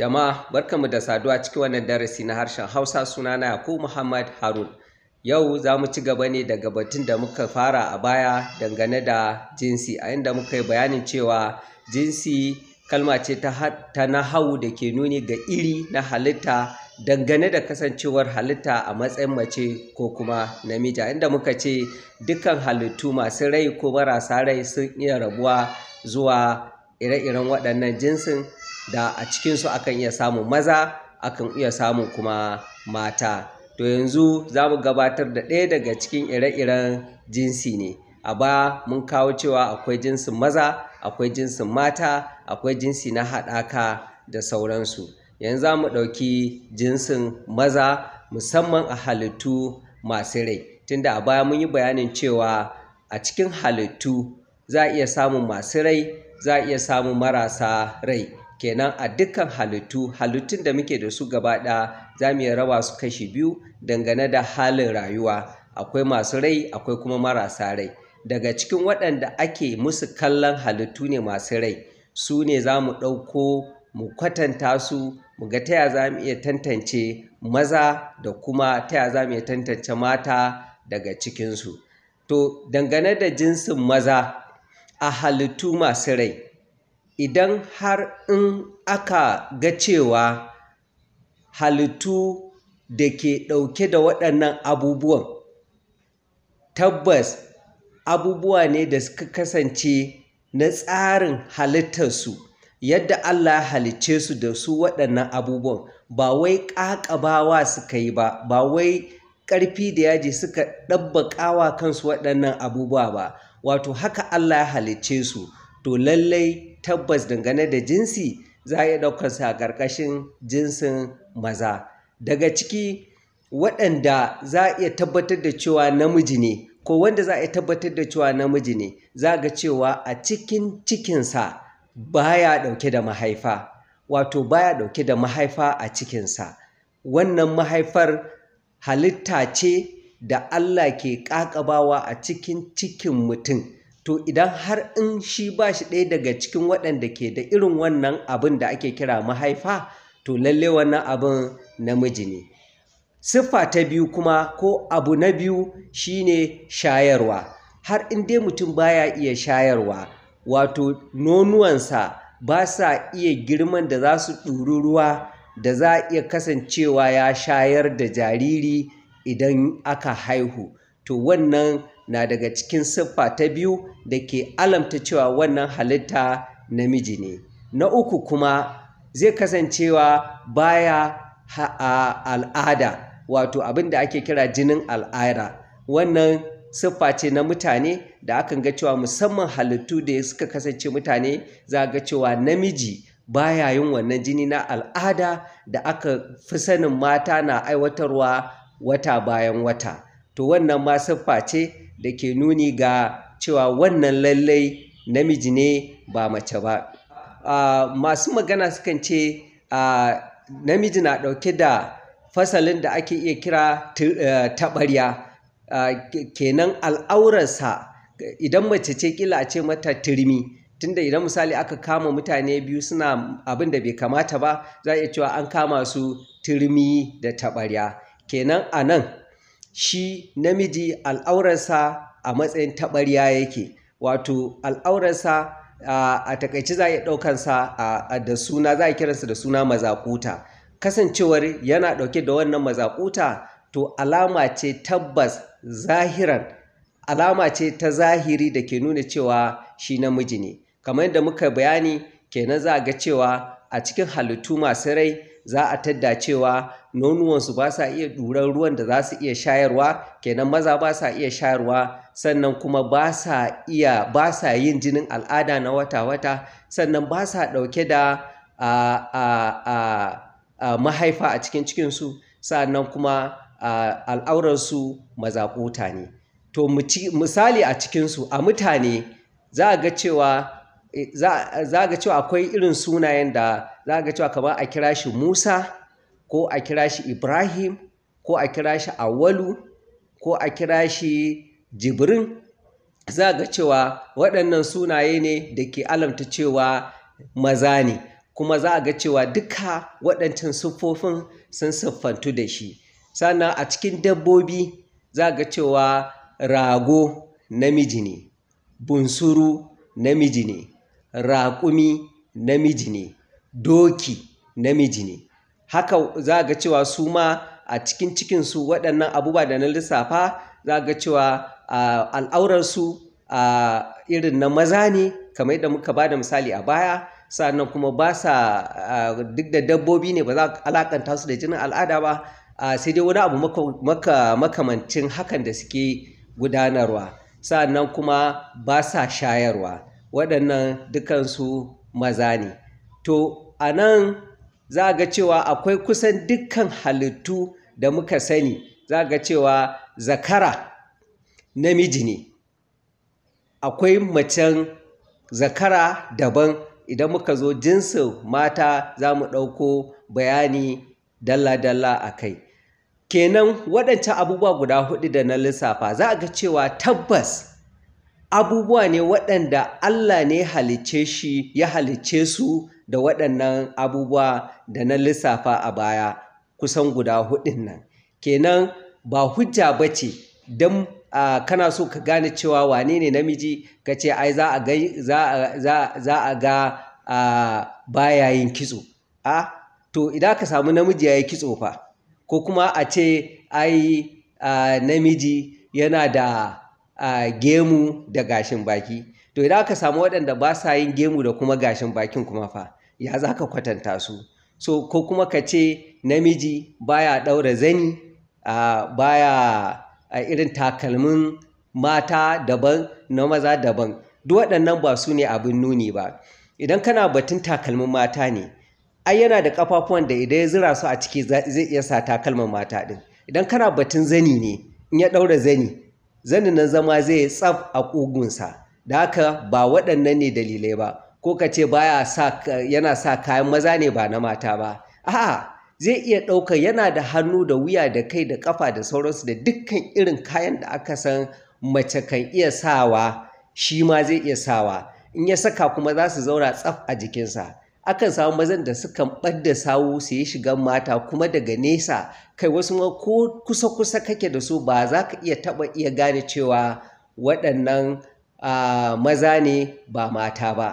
Jama'a barkanmu da saduwa cikin wannan darasi na harshen Hausa sunana yakub Muhammad Harun. Yau za mu ci gaba ne daga batun da muka fara a baya dangane da jinsi a inda muka yi bayanin cewa jinsi kalma ce ta nahau da ke nuni ga iri na halitta dangane da kasancewar halitta a matsayin mace ko kuma namija inda muka ce dukkan halittu masu rai ko marasa rai sun iya rabuwa zuwa ire-iren waɗannan jinsin da a cikinsu akan iya samun maza akan iya samun kuma mata to yanzu za mu gabatar da ɗaya daga cikin ire-iren jinsi ne a ba mun kawo cewa akwai jinsin maza akwai jinsin mata akwai jinsi na haɗaka da sauransu yanzu za mu ɗauki jinsin maza musamman a halittu masu rai tunda a baya mun yi bayanin cewa a cikin halittu za a iya samun masu rai za a iya samun marasa rai kenan a dukkan halittu halittun da muke da su gaba ɗaya za mu iya raba su kashi biyu dangane da halin rayuwa akwai masu rai akwai kuma marasa rai daga cikin waɗanda ake musu kallon halittu ne masu rai su ne za mu ɗauko mu kwatanta su mu ga taya za mu iya tantance maza da kuma taya za mu iya tantance mata daga cikinsu to dangane da jinsin maza a halittu masu rai idan har in aka ga cewa halittu da ke ɗauke da waɗannan abubuwan tabbas abubuwa ne da suka kasance na tsarin halittarsu yadda Allah ya halicce su da su waɗannan abubuwan ba wai ƙaƙabawa suka yi ba ba wai ƙarfi da yaji suka ɗabbaƙawa kansu waɗannan abubuwa ba wato haka Allah ya halicce su to lallai tabbas dangane da jinsi za a iya ɗaukarsa a ƙarƙashin jinsin maza daga ciki waɗanda za a iya tabbatar da cewa namiji ne ko wanda za a iya tabbatar da cewa namiji ne za ga cewa a cikin cikinsa baya ɗauke da mahaifa wato baya ɗauke da mahaifa a cikinsa wannan mahaifar halitta ce da Allah ke ƙaƙabawa a cikin cikin mutum to idan har in shi ba shi ɗaya daga cikin waɗanda ke da irin wannan abin da ake kira mahaifa to lalle wannan abin namiji ne siffa ta biyu kuma ko abu na biyu shi ne shayarwa har in dai mutum baya iya shayarwa wato nonuwansa ba sa iya girman da za su ɗuri ruwa da za a iya kasancewa ya shayar da jariri idan aka haihu to wannan na daga cikin siffa ta biyu da ke alamta cewa wannan halitta namiji ne na uku kuma zai kasancewa baya a al'ada wato abin da ake kira jinin al'ada wannan siffa ce na mutane da akan ga cewa musamman halittu da suka kasance mutane za ga cewa namiji baya yin wannan jini na al'ada da aka fi sanin mata na aiwatarwa wata bayan wata to wannan ma siffa ce da ke nuni ga cewa wannan lallai namiji ne ba mace ba masu magana sukan ce namiji na ɗauke da fasalin da ake iya kira e, taɓarya kenan al'aurarsa idan mace ce kila a ce mata turmi tunda idan misali aka kama mutane biyu suna abin da bai kamata ba za a iya cewa an kama su turmi da taɓarya kenan a nan shi namiji al'aurarsa a matsayin taɓarya yake wato al'aurarsa a takaici za a iya ɗaukansa da suna za a kiransa da suna mazakuta kasancewar yana ɗauke da wannan mazakuta to alama ce tabbas zahiran alama ce ta zahiri da ke nuna cewa shi namiji ne kamar yadda muka bayani kenan za a ga cewa a cikin halittu masu rai za a tadda cewa nonuwansu ba sa iya ɗuran ruwan da za su iya shayarwa kenan maza ba sa iya shayarwa sannan kuma ba sa iya ba sa yin jinin al'ada na wata-wata sannan ba sa ɗauke da mahaifa a cikin cikinsu sannan kuma al'aurarsu mazaƙota ne to misali a cikinsu a mutane za a ga cewa Eh, za ga cewa akwai irin sunayen da za ga cewa kamar a kira shi Musa ko a kira shi Ibrahim ko a kira shi Awalu ko a kira shi Jibrin za ga cewa waɗannan sunaye ne da ke alamta cewa maza ne kuma za ga cewa duka waɗancan siffofin sun siffantu da shi sannan a cikin dabbobi za ga cewa rago namiji ne bunsuru namiji ne raƙumi namiji ne doki namiji ne haka za ga cewa su ma a cikin cikinsu waɗannan abubuwa da na lissafa za ga cewa al'aurarsu irin na maza ne kamar yadda muka ba da misali a baya sannan kuma ba sa duk da dabbobi ne ba za a alakanta su da jinin al'ada ba sai dai wani abu makamancin hakan da suke gudanarwa sannan kuma ba sa shayarwa waɗannan dukansu maza ne to a nan za ga cewa akwai kusan dukkan halittu da muka sani za ga cewa zakara namiji ne akwai macen zakara daban idan muka zo jinsin mata za mu ɗauko bayani dalla-dalla a kai kenan waɗancan abubuwa guda hudu da na lissafa za a ga cewa tabbas abubuwa ne waɗanda Allah ne halice shi ya halicce su da waɗannan abubuwa da na lissafa a baya kusan guda huɗun nan kenan ba hujja ba ce don kana so ka gane cewa wane ne namiji ka ce ai za a ga za a ga baya yin kitso a to idan ka samu namiji ya yi kitso fa ko kuma a ce ai namiji yana da gemu da gashin baki to idan aka samu waɗanda ba sa yin gemu da kuma gashin bakin kuma fa ya za ka kwatanta su so ko kuma ka ce namiji baya ɗaura zani baya irin takalmin mata daban na maza daban duk waɗannan ba su ne abin nuni ba idan kana batun takalmin mata ne ai yana da kafafuwan da idan ya zira su a ciki zai iya sa takalmin mata ɗin. idan kana batun zani ne in ya ɗaura zani zanin nan zama zai tsaf a ƙugunsa da haka ba waɗannan ne dalilai ba ko ka ce baya sa yana sa kayan maza ne ba na mata ba a'a zai iya ɗauka yana da hannu da wuya da kai da ƙafa da sauransu da dukkan irin kayan da aka san mace kan iya sawa shi ma zai iya sawa in ya saka kuma za su zauna tsaf a jikinsa akan samu mazan da sukan ɓadda sawu su yi shigan mata kuma daga nesa kai wasu ma ko kusa-kusa kake da su ba za ka iya taɓa iya gane cewa waɗannan maza ne ba mata ba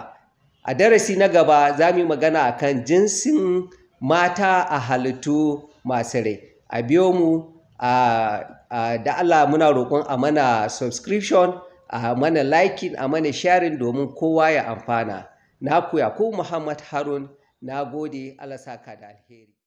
a darasi na gaba za mu yi magana a kan jinsin mata a halittu masu rai a biyo mu da Allah muna roƙon a mana subscription a mana liking a mana sharing domin kowa ya amfana. na koya ko Muhammad Harun na gode Allah saka da alheri